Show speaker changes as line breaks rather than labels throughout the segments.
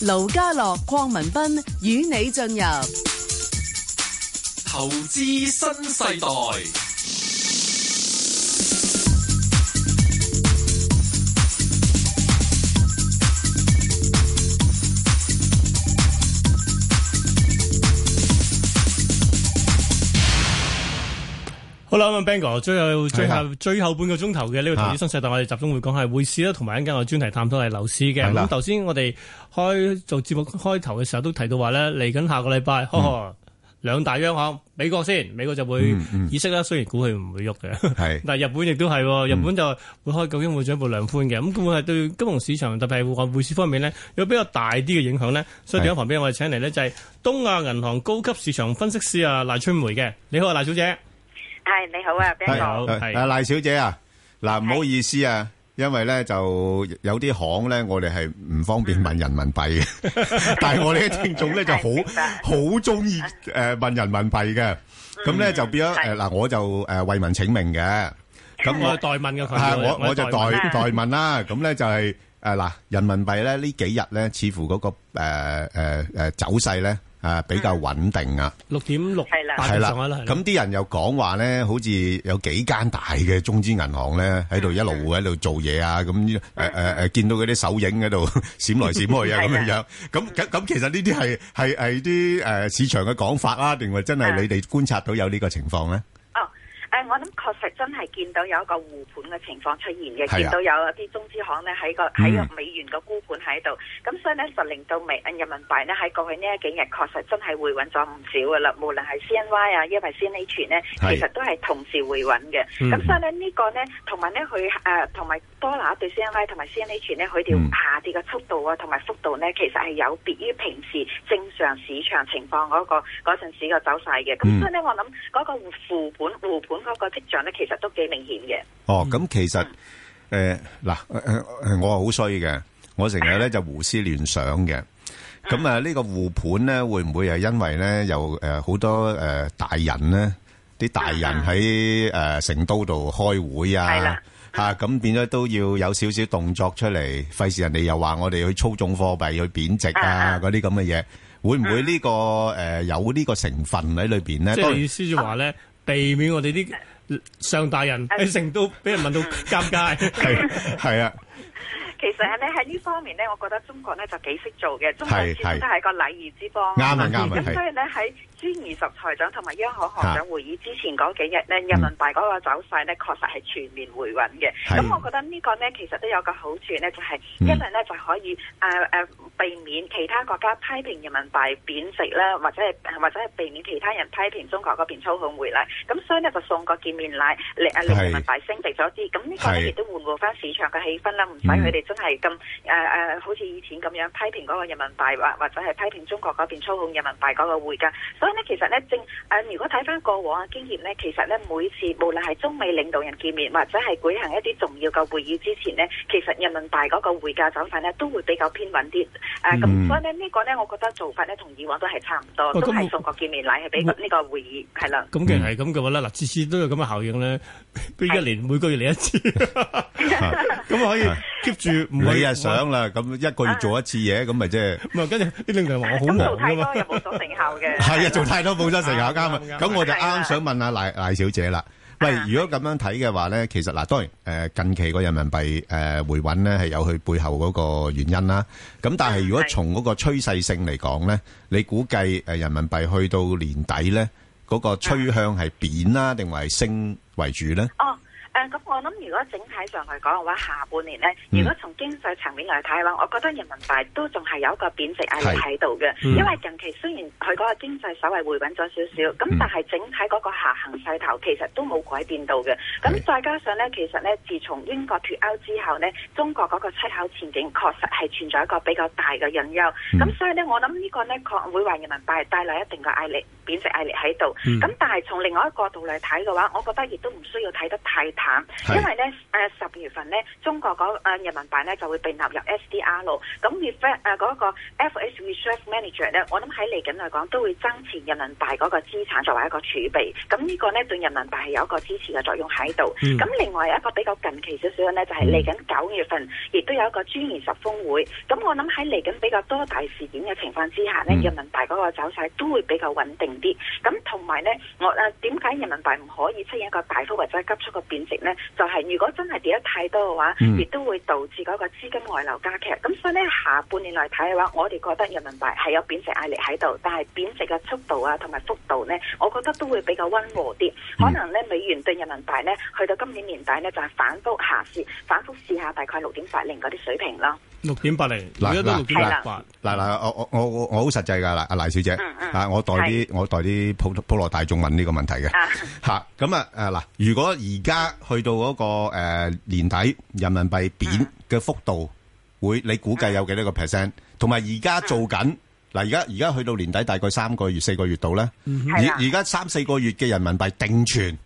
盧家樂、鄺文斌與你進入
投資新世代。好啦，咁啊 Ben 哥，最後、最後、最後半個鐘頭嘅呢個投資新世代，我哋集中會講係匯市啦，同埋一陣我專題探討係樓市嘅。咁頭先我哋開做節目開頭嘅時候都提到話咧，嚟緊下，下個禮拜，嗯、呵呵，兩大央行，美國先，美國就會議息啦，嗯嗯、雖然估佢唔會喐嘅。係是，但日本亦都係，日本就會開究竟會進一步量寬嘅。咁佢係對金融市場，特別係外匯市方面咧，有比較大啲嘅影響咧。所以而家旁邊我哋請嚟咧就係、是、東亞銀行高級市場分析師啊賴春梅嘅，你好啊，賴小姐。
係你好啊，
邊個？係阿賴小姐啊，嗱唔好意思啊，因為咧
就有啲行咧，我哋係唔方便問人民幣嘅，但係我哋啲聽眾咧就好好中意誒問人民幣嘅，咁咧就變咗誒嗱，我就誒為民請命嘅，咁我代問嘅佢，係我我就代代問啦，咁咧就係誒嗱，人民幣咧呢幾日咧似乎嗰個誒誒誒走勢咧。啊，比較穩定啊，
六點六，係啦，係啦，咁
啲人又講話咧，好似有幾間大嘅中資銀行咧喺度一路喺度做嘢啊，咁誒誒誒，見到嗰啲手影喺度閃來閃去啊，咁樣樣，咁咁咁，其實呢啲係係係啲誒市場嘅講法啊，定係真係你哋觀察到有呢個情況咧？
誒、哎，我諗確實真係見到有一個護盤嘅情況出現嘅，的見到有資一啲中資行咧喺個喺個美元個沽盤喺度，咁所以咧實令到美人民幣咧喺過去呢一幾日確實真係回穩咗唔少噶啦。無論係 CNY 啊，抑或 CNH 咧，其實都係同時回穩嘅。咁的所以咧呢、這個咧，同埋咧佢誒，同埋 Dollar 對 CNY 同埋 CNH 咧，佢哋下跌嘅速度啊，同埋、嗯、幅度咧，其實係有別於平時正常市場情況嗰、那個嗰陣時嘅走勢嘅。咁所以咧我諗嗰個護盤護盤。
嗰個跡象咧，其實都幾明顯嘅。哦，咁其實誒嗱，我係好衰嘅，我成日咧就胡思亂想嘅。咁啊，呢個護盤咧，會唔會係因為咧有誒好多誒大人咧，啲大人喺誒成都度開會啊？嚇，咁變咗都要有少少動作出嚟，費事人哋又話我哋去操縱貨幣去貶值啊，嗰啲咁嘅嘢，會唔會呢個誒有呢個成分喺裏邊咧？即係意
思就話咧。避免我哋啲上大人喺、啊、成都俾人問到尷尬，係係、嗯、 啊。啊
其實咧喺呢方面咧，我覺得中國咧就幾識做嘅。中國始終是是都係一個禮儀之邦，啱啊啱啊，係、啊。是專二十財長同埋央行行長會議之前嗰幾日咧，人民幣嗰個走勢咧確實係全面回穩嘅。咁是我覺得呢個呢，其實都有個好處呢，就係、是、因為呢，嗯、就可以誒誒、呃呃、避免其他國家批評人民幣貶值啦，或者係或者係避免其他人批評中國嗰邊操控匯率。咁所以呢，就送個見面禮嚟，令是人民幣升值咗啲。咁呢個呢，亦是都緩和翻市場嘅氣氛啦，唔使佢哋真係咁誒誒，好似以前咁樣批評嗰個人民幣或或者係批評中國嗰邊操控人民幣嗰個匯價。其實咧，正、呃、誒，如果睇翻過往嘅經驗咧，其實咧每次無論係中美領導人見面或者係舉行一啲重要嘅會議之前咧，其實人民幣嗰個匯價走法咧都會比較偏穩啲。誒、呃，咁、嗯、所以咧呢、呢個咧，我覺得做法咧同以往都係差唔多，哦、都係送個見面禮係俾呢個會議係啦。咁既然係
咁嘅話咧，嗱次、嗯、次都有咁嘅效應咧，邊一年每個月嚟一次。
咁可以
keep 住，每日想啦。咁
一個月做一次嘢，咁咪即係。咪跟住啲僆仔話我好忙啊。
咁做太多又冇咗成效嘅。係啊，做太多冇咗成效，啱啊。咁我就啱啱想問下賴賴小姐啦。喂，如果咁樣睇嘅話咧，其實嗱，當然誒近期個人民幣誒回穩咧係有佢背後嗰個原因啦。咁但係如果從嗰個趨勢性嚟講咧，你估計誒人民幣去到年底咧嗰個趨向係貶啦定係升為主咧？
哦。咁我諗，嗯嗯、如果整體上嚟講嘅話，下半年呢，如果從經濟層面嚟睇嘅話，我覺得人民幣都仲係有一個貶值壓力喺度嘅。嗯、因為近期雖然佢嗰個經濟稍微回穩咗少少，咁、嗯、但係整體嗰個下行勢頭其實都冇改變到嘅。咁再加上呢，其實呢，自從英國脫歐之後呢，中國嗰個出口前景確實係存在一個比較大嘅隱憂。咁、嗯嗯、所以呢，我諗呢個呢，確會為人民幣帶，帶來一定嘅壓力。貶值壓力喺度，咁、嗯、但係從另外一個角度嚟睇嘅話，我覺得亦都唔需要睇得太淡，因為咧誒十月份咧中國嗰、呃、人民幣咧就會被納入 SDR，咁 ref 誒嗰個 FX reserve manager 咧，我諗喺嚟緊嚟講都會增持人民幣嗰個資產作為一個儲備，咁呢個咧對人民幣係有一個支持嘅作用喺度。咁、嗯、另外一個比較近期少少嘅咧就係嚟緊九月份亦都有一個專研十峰會，咁我諗喺嚟緊比較多大事件嘅情況之下咧，嗯、人民幣嗰個走勢都會比較穩定。啲咁同埋咧，我啊點解人民幣唔可以出現一個大幅或者急速嘅貶值咧？就係、是，如果真係跌得太多嘅話，亦都會導致嗰個資金外流加劇。咁所以咧，下半年嚟睇嘅話，我哋覺得人民幣係有貶值壓力喺度，但係貶值嘅速度啊同埋幅度咧，我覺得都會比較溫和啲。嗯、可能咧，美元對人民幣咧，去到今年年底咧，就係、是，反復下試，反復試下大概六點八零嗰啲水平啦。六
點八零嗱嗱六點八嗱嗱，我我我我好實際噶嗱，阿黎小姐、嗯嗯啊、我代啲我。代啲普羅大眾問呢個問題嘅。啊，嗱，如果而家去到個年底人民幣貶嘅幅度會你估計有幾多個 percent，同埋而家做緊，嗱，而家去到年底大概3個月4個月度呢，而家34個月嘅人民幣定
存。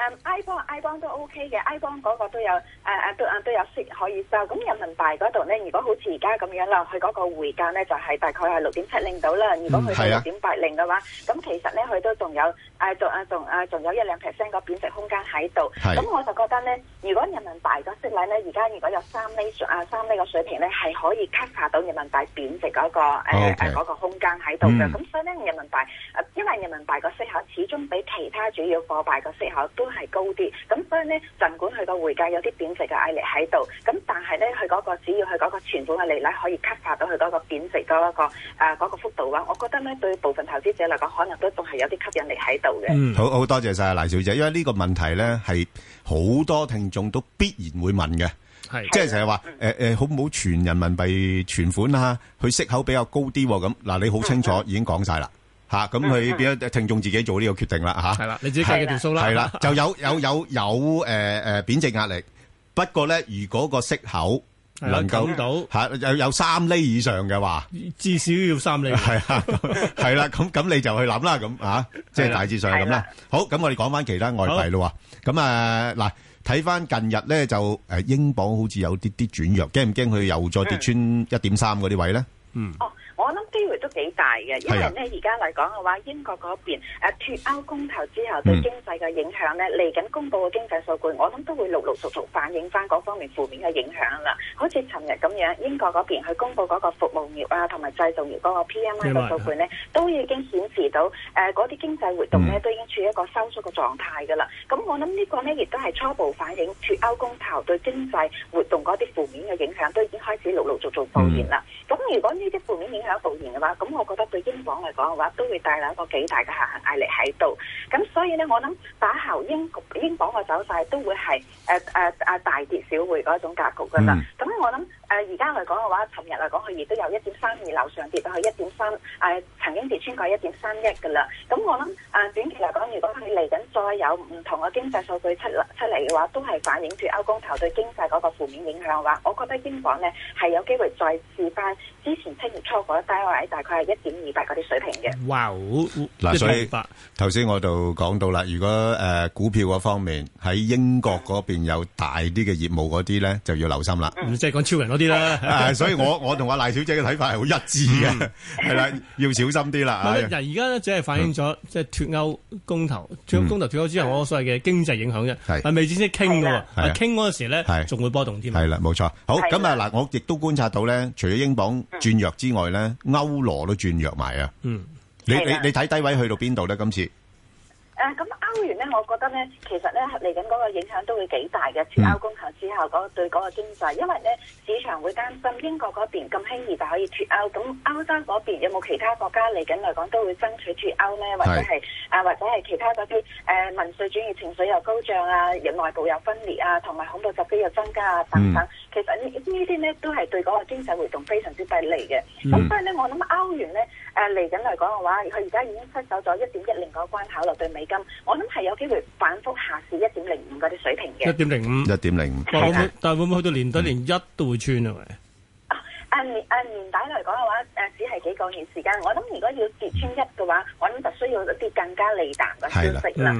誒、um，iBond iBond 都 OK 嘅，iBond 嗰個都有誒誒、uh, 都誒都有息可以收。咁人民幣嗰度咧，如果好似而家咁樣啦，佢嗰個匯價咧就係、是、大概係六點七零到啦。如果佢係六點八零嘅話，咁、嗯啊、其實咧佢都仲有誒仲誒仲誒仲有一兩 percent 個貶值空間喺度。咁是 我就覺得咧，如果人民幣個息率咧而家如果有三厘水啊三厘嘅水平咧，係可以 cover 到人民幣貶值嗰、那個誒、uh, 哦 okay uh, 空間喺度嘅。咁、嗯、所以咧人民幣誒，uh, 因為人民幣個息口始終比其他主要貨幣個息口都係高啲，咁所以呢，盡管佢個匯價有啲貶值嘅壓力喺度，咁但係呢，佢嗰個只要佢嗰個存款嘅利率可以吸收到佢嗰、嗰個貶值嗰一個誒個幅度咧，我覺得呢，對部分投資者嚟講，可能都仲係有啲吸引力喺度嘅。嗯、
好好多謝晒黎小姐，因為呢個問題呢，係好多聽眾都必然會問嘅，的即係成日話誒誒，好唔好存人民幣存款啊？佢息口比較高啲咁嗱，你好清楚、嗯嗯、已經講晒啦。吓，咁佢變咗聽眾自己做呢個決定啦，吓。係啦，你自己計嘅條數啦。係啦，就有有有有誒誒貶值壓力。不過咧，如果個息口能夠到吓有有三厘以上嘅話，至少要三厘。係啊，係啦，咁咁你就去諗啦，咁啊，即係大致上係咁啦。好，咁我哋講翻其他外幣啦。咁啊嗱，睇翻近日咧就誒英鎊好似有啲啲轉弱，驚唔驚佢又再跌穿一點三嗰啲位咧？嗯。
我諗機會都幾大嘅，因為咧而家嚟講嘅話，英國嗰邊誒、呃、脫歐公投之後對經濟嘅影響咧，嚟緊、嗯、公佈嘅經濟數據，我諗都會陸陸續續反映翻嗰方面負面嘅影響啦。好似尋日咁樣，英國嗰邊去公佈嗰個服務業啊同埋製造業嗰個 P M I 嘅數據咧，嗯、都已經顯示到誒嗰啲經濟活動咧都已經處於一個收縮嘅狀態噶啦。咁、嗯、我諗呢個呢，亦都係初步反映脫歐公投對經濟活動嗰啲負面嘅影響都已經開始陸陸續續浮現啦。咁、嗯、如果呢啲負面影響有導言嘅話，咁我覺得對英鎊嚟講嘅話，都會帶嚟一個幾大嘅下行壓力喺度。咁所以咧，我諗打後英鎊嘅走勢都會係誒誒啊大跌小回嗰種格局㗎啦。咁我諗誒而家嚟講嘅話，尋日嚟講佢亦都有一點三二樓上跌到去一點三，誒曾經跌穿過一點三一㗎啦。咁我諗誒短期嚟講，如果佢嚟緊再有唔同嘅經濟數據出出嚟嘅話，都係反映住歐公投對經濟嗰個影影響嘅話，我覺得英鎊呢係有
機會再試翻之前七月初嗰單位大概係一點二八嗰啲水平嘅。
哇！嗱，所以頭先我就講到啦，如果誒股票嗰方面喺英國嗰邊有大啲嘅業務嗰啲呢，就要留心啦。
即係講超人嗰啲啦。所以我我同阿賴小姐嘅睇法係好一致嘅，
係啦，要小心啲啦。啊，而
家呢，只係反映咗即係脫歐公投，將公投脫歐之後，我所謂嘅經濟影響嘅，係未正式傾嘅。啊，傾嗰陣時咧，仲會波動。係
喇，冇錯。好，咁的我亦都觀察到咧，除咗英鎊轉弱之外咧，歐羅都轉弱埋啊。嗯，嗯你的你你睇低位去到邊度呢？今次？
誒咁，啊、歐元咧，我覺得咧，其實咧嚟緊嗰個影響都會幾大嘅，脱，嗯、歐公投之後嗰，那個，對嗰個經濟，因為咧市場會擔心英國嗰邊咁輕易就可以脱歐，咁歐洲嗰邊有冇其他國家嚟緊嚟講都會爭取脱歐咧，或者係是啊或者係其他嗰啲誒民粹主義情緒又高漲啊，亦內部又分裂啊，同埋恐怖襲擊又增加啊等等，嗯、其實呢呢啲咧都係對嗰個經濟活動非常之不利嘅。咁所以咧，我諗歐元咧。嗯誒嚟緊嚟講嘅話，佢而家已經失守咗一點一零嗰個關口落，對美金，我諗係有機會反覆下試一點零五嗰啲水平嘅。一點零
五，一點零五，但係會唔會去到年底連一都會穿啊？
啊年啊年底
嚟
講嘅話，誒只係幾個月時間我諗，如果要跌穿一嘅話
我諗就需要一啲更加利淡嘅消息啦。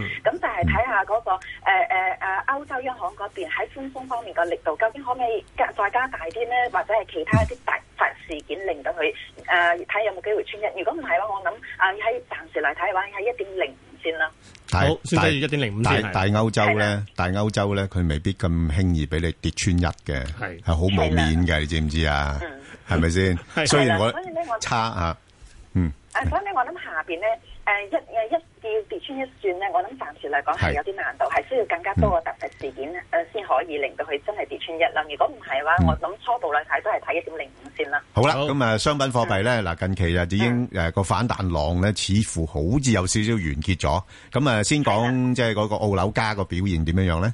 係咪先？雖然我差嚇，嗯。誒，所以咧，我諗下邊咧，誒一誒一要跌穿一轉咧，我諗暫時嚟
講係有啲難度，係需要更加多嘅特別事件誒先可以令到佢真係跌穿一啦。如果唔係嘅話，我諗初步嚟睇都係睇一點零五先啦。好
啦，咁誒商品貨幣咧嗱，近期啊已經誒個反彈浪咧，似乎好似有少少完結咗。咁誒先講即係嗰個澳紐加個表現點樣樣咧？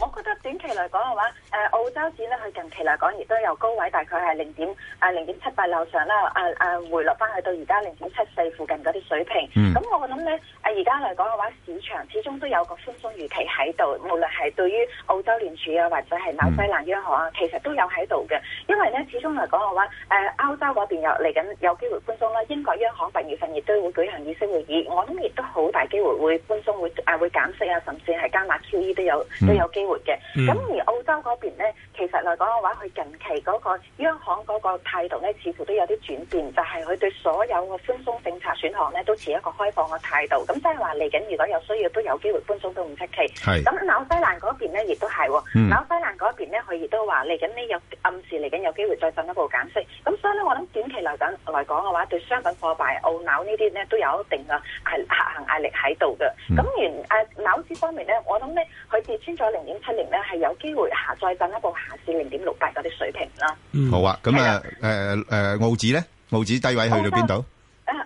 我覺得短期來講嘅話，誒、呃、澳洲紙呢，佢近期嚟講亦都有高位大概係零點啊零點七八樓上啦，啊啊回落翻去到而家零點七四附近嗰啲水平。咁、嗯、我諗呢，啊而家嚟講嘅話，市場始終都有個寬鬆預期喺度，無論係對於澳洲聯儲啊，或者係紐西蘭央行啊，其實都有喺度嘅。因為呢，始終嚟講嘅話，誒、呃、歐洲嗰邊有嚟緊有機會寬鬆啦，英國央行八月份亦都會舉行議息會議，我諗亦都好大機會會寬鬆、啊，會啊會減息啊，甚至係加碼 QE 都有都有機會。活嘅，咁、嗯、而澳洲嗰邊咧，其實嚟講嘅話，佢近期嗰個央行嗰個態度咧，似乎都有啲轉變，就係、是、佢對所有嘅寬鬆政策選項咧，都持一個開放嘅態度。咁即係話嚟緊，如果有需要，都有機會寬鬆都唔出奇。咁紐是西蘭嗰邊咧，亦都係、哦，紐、嗯、西蘭嗰邊咧，佢亦都話嚟緊呢，有暗示嚟緊有機會再進一步減息。咁所以咧，我諗短期嚟緊嚟講嘅話，對商品貨幣澳紐呢啲咧，都有一定嘅係下行壓力喺度嘅。咁而誒，紐市、啊、方面咧，我諗咧，佢跌穿咗零七年
咧，係、嗯、有機會下再進一步下試零點六八嗰啲水平啦。好啊，咁啊，誒誒澳紙咧，澳紙低位去到邊度？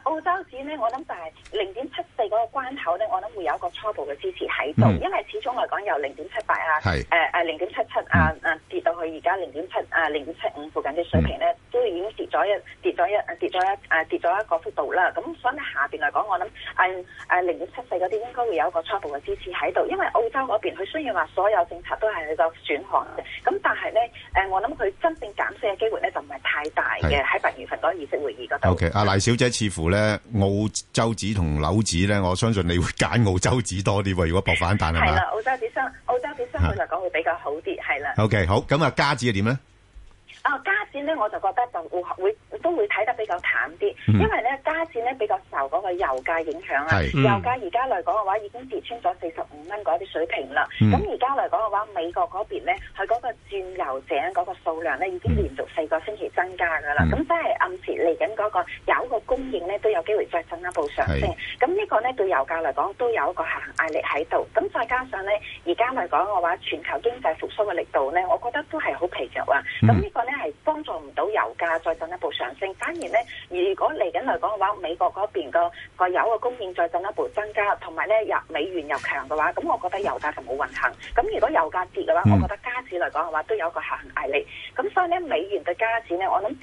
澳洲市呢，我諗就係零點七四嗰個關口呢，我諗會有一個初步嘅支持喺度，嗯、因為始終嚟講由零點七八啊，誒誒零點七七啊啊、嗯、跌到去而家零點七啊零點七五附近嘅水平呢，嗯、都已經跌咗一跌咗一跌咗一誒跌咗一、啊、一個幅度啦。咁所以下邊嚟講，我諗誒誒零點七四嗰啲應該會有一個初步嘅支持喺度，因為澳洲嗰邊佢雖然話所有政策都係喺度轉行嘅，咁但係呢，誒、呃、我諗佢真正減息嘅機會呢，就唔係太大嘅喺。是得 O.K.，阿黎
小姐，似乎咧澳洲紙同紐紙咧，我相信你會揀澳洲紙多啲喎。如果博反彈係嘛？係啦，澳
洲紙相澳洲紙相對嚟講會比較好啲，係啦、啊。
的 O.K. 好，咁啊，加紙係點咧？
啊，加紙咧，我就覺得就會，會都會睇得比較淡啲，嗯、因為咧加紙咧比較受嗰個油價影響啊。嗯、油價而家嚟講嘅話已經跌穿咗四十五蚊嗰啲水平啦。咁而家嚟講嘅話，美國嗰邊咧，佢嗰個鑽油井嗰個數量咧已經連續四個星期增加噶啦。咁即係。嗯嗰個有個供應咧，都有機會再進一步上升。咁是呢個咧對油價嚟講，都有一個下行壓力喺度。咁再加上咧，而家嚟講嘅話，全球經濟復甦嘅力度咧，我覺得都係好疲弱啊。咁、嗯、呢個咧係幫助唔到油價再進一步上升。反而咧，如果嚟緊嚟講嘅話，美國嗰邊個油嘅供應再進一步增加，同埋咧入美元又強嘅話，咁我覺得油價就冇運行。咁如果油價跌嘅話，嗯、我覺得加紙嚟講嘅話，都有一個下行壓力。咁所以咧，美元對加紙咧，我諗。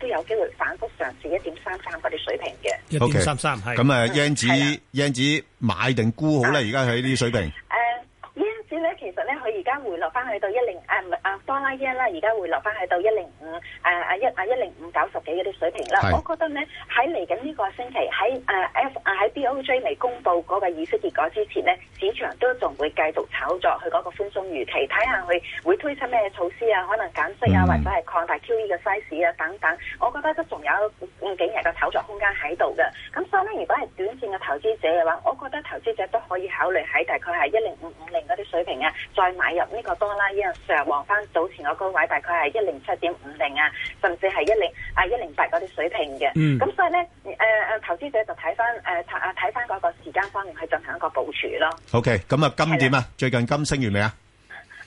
都有機會反覆嘗試一點三
三嗰啲水平嘅，OK，一點三三係咁啊，燕子燕子買定沽好咧，而家喺呢啲水平。
5, uh, uh，多啦一啦，而家回落翻喺到一零五，誒啊一啊一零五九十幾嗰啲水平啦。是我覺得咧喺嚟緊呢個星期，喺誒、uh, F 啊、uh, 喺 B O J 未公布嗰個議息結果之前咧，市場都仲會繼續炒作佢嗰個寬鬆預期，睇下佢會推出咩措施啊，可能減息啊，mm hmm. 或者係擴大 Q E 嘅 size 啊等等。我覺得都仲有五幾日嘅炒作空間喺度嘅。咁所以咧，如果係短線嘅投資者嘅話，我覺得投資者都可以考慮喺大概係一零五五零嗰啲水平啊，再買入呢個多啦一上往翻。早前嗰高位大概係一零七點五零啊，甚至係一零啊一零八嗰啲水平嘅。咁、嗯、所以咧，誒、呃、誒，投資者就睇翻誒睇翻嗰個時間方面去進行一個部署咯。
OK. 咁啊金點啊，的最近金升完未啊？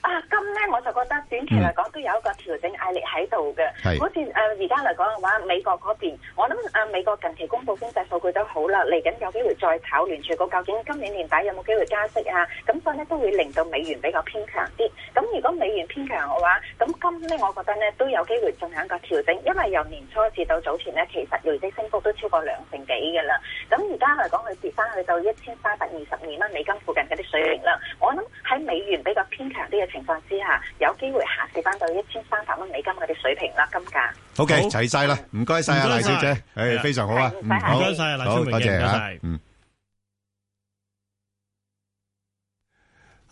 啊，今咧我就覺得短期嚟講、嗯、都有一個調整壓力喺度嘅，是好似誒而家嚟講嘅話，美國嗰邊，我諗啊、呃、美國近期公布經濟數據都好啦，嚟緊有機會再炒聯儲局究竟今年年底有冇機會加息啊？咁所以咧都會令到美元比較偏強啲。咁如果美元偏強嘅話，咁今呢，我覺得呢都有機會進行一個調整，因為由年初至到早前呢，其實累積升幅都超過兩成幾嘅啦。咁而家嚟講佢跌翻去到一千三百二十二蚊美金附近嗰啲水平啦。我諗喺美元比較偏強啲嘅情況之下，有機會下調翻到一千三百蚊美金嗰啲水平啦，金價。Okay，
好嘅，齊晒啦，唔該晒啊，黎小姐，誒，yeah.
非常好，yeah. 嗯、好，謝謝好謝謝啊，唔該晒啊，黎小姐，唔該
曬。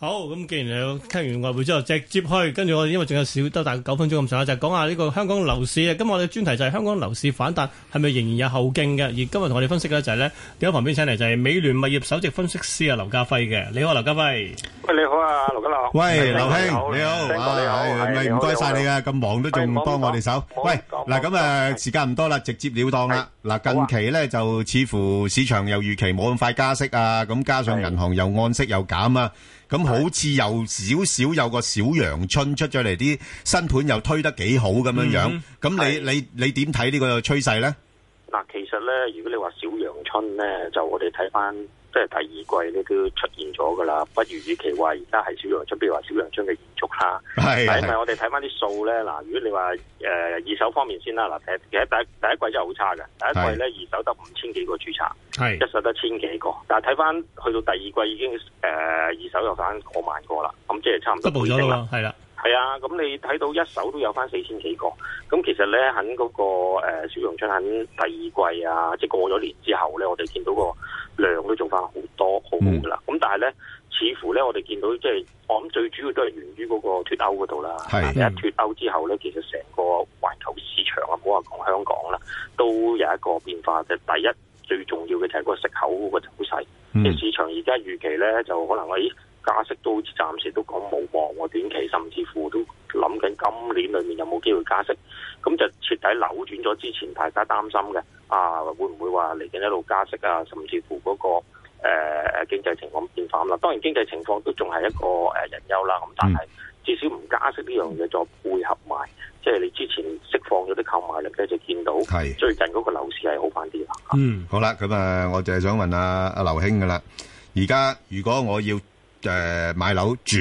好咁，既然你傾完外匯之後，直接開跟住我哋，因為仲有少多，大概九分鐘咁上下，就講下呢個香港樓市啊。今日我哋專題就係香港樓市反彈係咪仍然有後勁嘅？而今日同我哋分析嘅就係呢，喺旁邊請嚟就係美聯物業首席分析師啊，劉家輝嘅。你好，劉家輝。
喂，你好啊，劉家樂。喂，劉兄，你好。你好。唔該晒你啊，咁忙都仲幫我哋手。喂，嗱，咁啊，時間唔多啦，直接了當啦。嗱，近期呢就似乎市場又預期冇咁快加息啊，咁加上銀行又按息又減啊。咁好似又少少有個小陽春出咗嚟，啲新盤又推得幾好咁樣樣，咁你你你點睇呢個趨勢呢？
嗱，其實呢，如果你話小陽春呢，就我哋睇返。即係第二季呢都出現咗噶啦，不如預期話而家係小陽春，譬如話小陽春嘅延續啦。係，係咪我哋睇翻啲數咧？嗱，如果你話誒、呃、二手方面先啦，嗱，其實第第一季真係好差嘅，第一季咧是是 二手得五千幾個註冊，係是是 一手得千幾個。但係睇翻去到第二季已經誒、呃、二手又翻過萬個啦，咁、嗯、即係差唔多。突破啦。係啦。係啊，咁你睇到一手都有翻四千幾個，咁其實咧喺嗰個誒小陽春喺第二季啊，即係過咗年之後咧，我哋見到個量都做翻好多好多噶啦。咁、嗯、但係咧，似乎咧我哋見到即係，我諗最主要都係源於嗰個脫歐嗰度啦。係的一脫歐之後咧，其實成個環球市場啊，唔好話講香港啦，都有一個變化嘅。即第一最重要嘅就係嗰個息口個走勢，即、嗯、市場而家預期咧就可能係。加息都好似暫時都講冇望喎，短期甚至乎都諗緊今年裡面有冇機會加息，咁就徹底扭轉咗之前大家擔心嘅啊，會唔會話嚟緊一路加息啊？甚至乎嗰、嗰個誒、呃、經濟情況變化啦。當然經濟情況都仲係一個誒隱憂啦。咁但係至少唔加息呢樣嘢再配合埋，即係你之前釋放咗啲購買力咧，就見到最近嗰個樓市係好翻啲啦。是
嗯，啊、好啦，咁啊，我就係想問阿、啊、阿、啊、劉兄噶啦，而家如果我要。誒，買樓住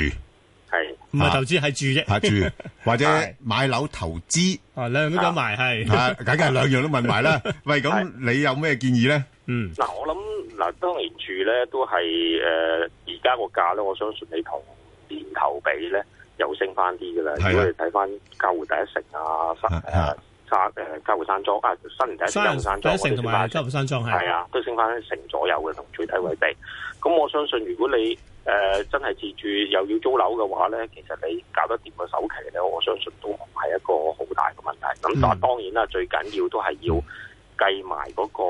係唔係投資係住啫，住或者
買樓投資
啊，兩樣都埋係，梗係兩樣都問埋啦。喂，咁
你有咩建議咧？嗯，嗱，我諗
嗱，當然住咧都係誒，而家個價咧，我相信你同年頭比咧又升翻啲噶啦。如果你睇翻嘉湖第一城啊，啊，山誒嘉湖山莊啊，新年第一城嘉
湖山莊係啊，
都升翻一成左右嘅同最低位比。咁我相信如果你誒、呃、真係自住又要租樓嘅話咧，其實你搞得掂個首期咧，我相信都唔係一個好大嘅問題。咁、嗯、但係當然啦，最緊要都係要計埋嗰個、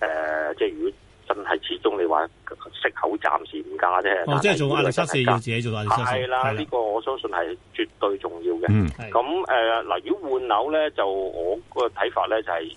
呃、即係如果。真係始終你話息口暫時唔加啫。即係、哦、是做壓力測試，自己做壓力測試啦，呢個我相信係絕對重要嘅。咁誒嗱，如果換樓咧，就我個睇法咧就係誒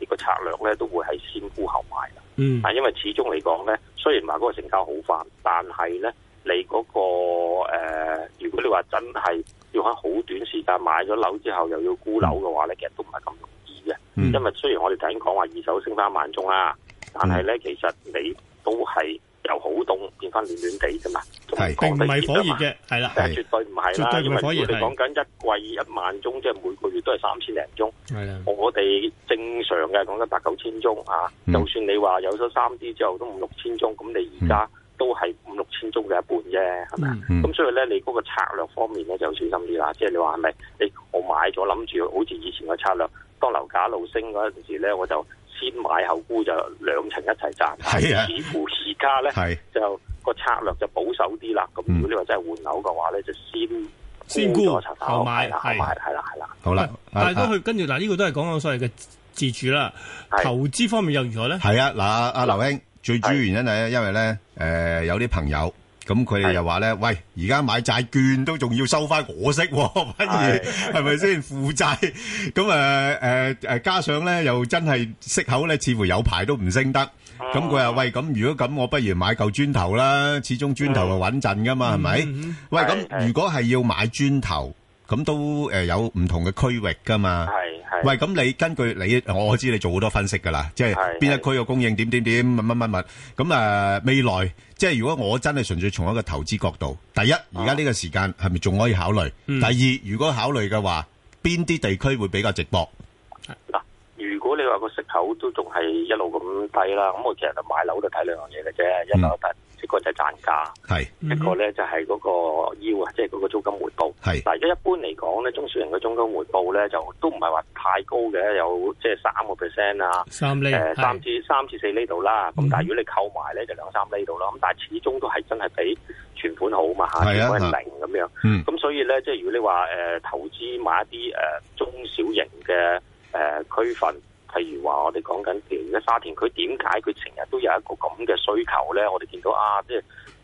呢個策略咧都會係先沽後買啦。啊、嗯，但因為始終嚟講咧，雖然話嗰個成交好快，但係咧你嗰、那個、呃、如果你話真係要喺好短時間買咗樓之後又要沽樓嘅話咧，嗯、其實都唔係咁容易嘅。嗯、因為雖然我哋頭先講話二手升翻萬宗啦。但係咧，其實你都係由好凍變翻暖暖地啫嘛，
並唔係火熱嘅，係啦，係絕對唔係啦，因為我哋講
緊一季一萬宗，即係每個月都係三千零宗。係啦，我哋正常嘅講緊八九千宗啊。就算你話有咗三 D 之後都五六千宗，咁你而家都係五六千宗嘅一半啫，係咪啊？咁所以咧，你嗰個策略方面咧就小心啲啦。即係你話係咪？你我買咗諗住好似以前嘅策略，當樓價一路升嗰陣時咧，我就。先買後沽就兩層一齊賺。係啊，似乎而家咧就個策略就保守啲啦。咁、嗯、如果你話
真係換樓嘅話咧，就先先沽沽後買係係啦係啦。好啦，大家都去跟住嗱，呢、這個都係講緊所謂嘅自住啦。啊、投資方面又如何咧？係啊，嗱阿劉兄，
最主要原因係因為咧誒、呃、有啲朋友。咁佢哋又話咧，是喂，而家買債券都仲要收翻我息、啊，反而係咪先負債？咁誒誒誒，加上咧又真係息口咧，似乎有排都唔升得。咁佢又喂，咁如果咁，我不如買嚿磚頭啦，始終磚頭係穩陣噶嘛，係咪？喂，咁如果係要買磚頭。咁都誒有唔同嘅區域㗎嘛，係係。喂，咁你根據你我知你做好多分析㗎啦，即係邊一區嘅供應點點點乜乜乜乜。咁誒未來，即係如果我真係純粹從一個投資角度，第一，而家呢個時間係咪仲可以考慮？第二，如果考慮嘅話，邊啲地區會比較值博？嗱，如果你話
個息口都仲係一路咁低啦，咁我其實就買樓都睇兩樣嘢嘅啫，一樓一。一個就係賺價，
係一、嗯、個咧
就係、是、嗰個腰啊，即係嗰個租金回報，係嗱一一般嚟講咧，中小型嘅租金回報咧就都唔係話太高嘅，有即係三個 percent 啊，三釐誒三至三是至四厘度啦。咁、嗯、但係如果你扣埋咧就兩三厘度啦。咁但係始終都係真係比存款好嘛嚇，存款、啊、零咁、啊、樣。咁、嗯嗯、所以咧，即係如果你話誒、呃、投資買一啲誒中小型嘅誒區份。呃呃譬如話，我哋講緊譬如而家沙田區，佢點解佢成日都有一個咁嘅需求咧？我哋見到啊，即係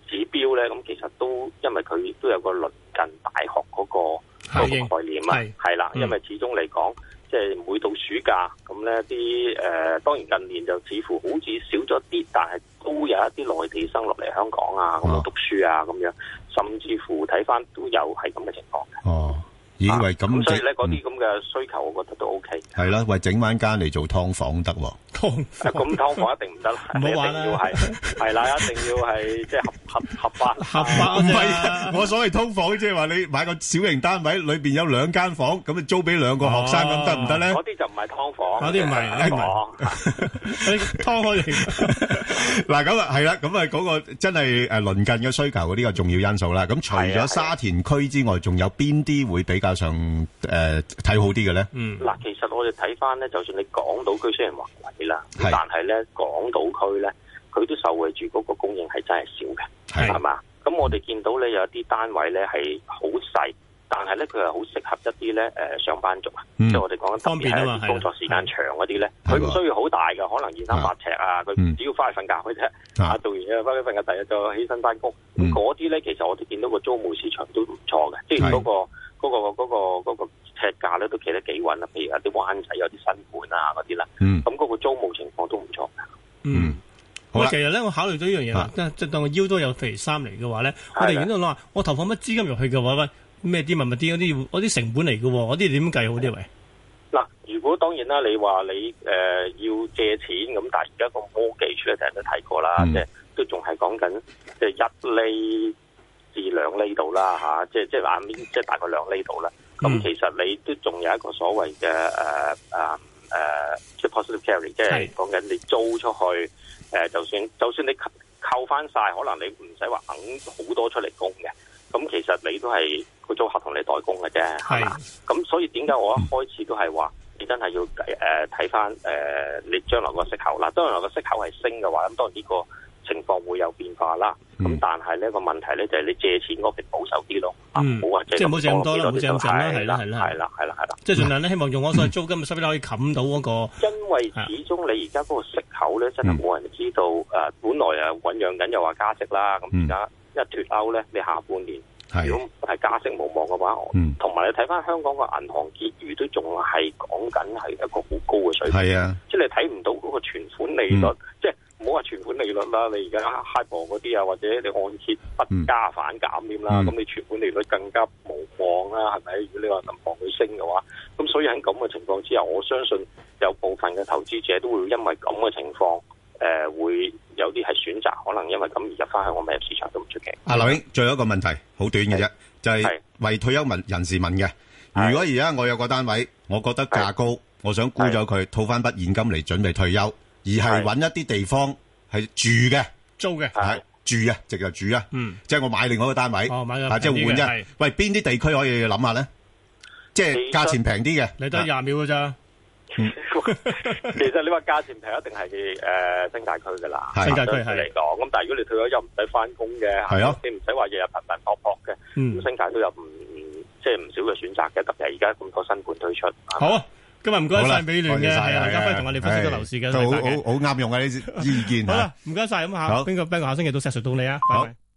指標咧，咁其實都因為佢都有個鄰近大學嗰、嗰個、係個概念啊，係啦，因為始終嚟講，即係每到暑假咁咧，啲誒、呃、當然近年就似乎好似少咗啲，但係都有一啲內地生落嚟香港啊，咁樣讀書啊，咁樣、啊啊，甚至乎睇翻都有係咁嘅情況嘅。啊
咦？為咁所以咧，嗰啲
咁嘅需求，我覺得都 OK。
係啦、啊，喂，整翻間嚟做劏房得喎、啊。
劏咁劏房一定唔得，啦、啊，冇必要係係啦，一定要係，即係 合。合合法合法
唔係，我所謂劏房即係話你買個小型單位，裏邊有兩間房，咁啊租俾兩個學生咁得唔得咧？
嗰啲就唔係劏房，嗰啲唔係劏房，劏開嚟
嗱咁啊係啦，咁啊嗰個真係誒鄰近嘅需求呢個重要因素啦。咁除咗沙田區之外，仲有邊啲會比較上誒睇好啲嘅咧？嗯，
嗱，其實我哋睇翻咧，就算你港島區雖然話貴啦，但係咧港島區咧。佢都受惠住嗰個供應係真係少嘅，係嘛？咁我哋見到咧，有啲單位咧係好細，但係咧佢係好適合一啲咧誒上班族啊，即係我哋講特別係一啲工作時間長嗰啲咧，佢唔需要好大噶，可能二三百尺啊，佢只要翻去瞓覺佢啫。啊，做完嘢翻去瞓覺，第二日就起身翻工。咁嗰啲咧，其實我哋見到個租務市場都唔錯嘅，即係嗰個個個個尺價咧都企得幾穩啦。譬如啊，啲灣仔有啲新盤啊嗰啲啦，咁嗰個租務情況都唔錯嘅。嗯。
我其實咧，常常我考慮到呢樣嘢，即即係當我腰都有肥三厘嘅話咧，我哋喺度諗話，的我，我投放乜資金入去嘅話，乜咩啲物物啲嗰啲啲成本嚟嘅喎，嗰啲點計好啲喂，嗱，
如果當然啦，你話你誒要借錢咁，但係而家個科技出嚟成日都睇過啦，即係都仲係講緊即係一厘至兩厘度啦嚇，即係即係話面即係大概兩厘度啦。咁其實你都仲有一個所謂嘅誒誒誒，即係 positive carry，即係講緊你租出去。誒、呃，就算就算你扣翻晒，可能你唔使話肯好多出嚟供嘅，咁其實你都係個租客嚟代供嘅啫，係咁是、啊、所以點解我一開始都係話、呃呃，你真係要誒睇翻誒你將來個息、啊、當然個息口，嗱，將來個息口係升嘅話，咁當然呢、那個。情況會有變化啦，咁但係呢個問題咧就係你借錢嗰邊保守啲咯，嗯，
冇啊，即係唔好借咁多，有啲就係啦，係啦，係啦，係啦，係啦，即係盡量咧，希望用我所謂租金，收入可以冚到嗰個。
因為始終你而家嗰個息口咧，真係冇人知道。誒，本來誒醖釀緊又話加息啦，咁而家一脱歐咧，你下半年如果係加息冇望嘅話，嗯，同埋你睇翻香港個銀行結餘都仲係講緊係一個好高嘅水平，係啊，即係你睇唔到嗰個存款利率，即係。唔好話存款利率啦，你而家黑房嗰啲啊，或者你按揭不加反減添啦，咁、嗯、你存款利率更加冇望啦，係咪？如果你話銀行去升嘅話，咁所以喺咁嘅情況之下，我相信有部分嘅投資者都會因為咁嘅情況，誒、呃、會有啲係選擇，可能因為咁而入翻去，我咪入市場都唔出奇。阿、
啊、劉英，最後一個問題，好短嘅啫，是就係為退休文人士是問嘅。如果而家我有個單位，我覺得價高，是我想沽咗佢，套翻筆現金嚟準備退休。而係揾一啲地方係住嘅，租嘅，係住啊，直就住啊。即係我買另外一個單位，買即係換啫。喂，邊啲地區可以諗下咧？即係價錢平啲嘅，你得廿秒噶咋？
其實你話價錢平一定係誒新界區噶啦，新界區嚟講。咁但係如果你退咗休又唔使翻工嘅，係咯，你唔使話日日貧貧托托嘅。咁新界都有唔即係唔少嘅選擇嘅，特別係而家咁多新盤推出。
好。今日唔該
晒美聯嘅梁家輝同我哋分析到樓市嘅，好，好，好啱用啊。呢啲意見。 好啦，
唔該晒咁啊，邊個邊個下星期都石水到你啊？嗯、拜拜好。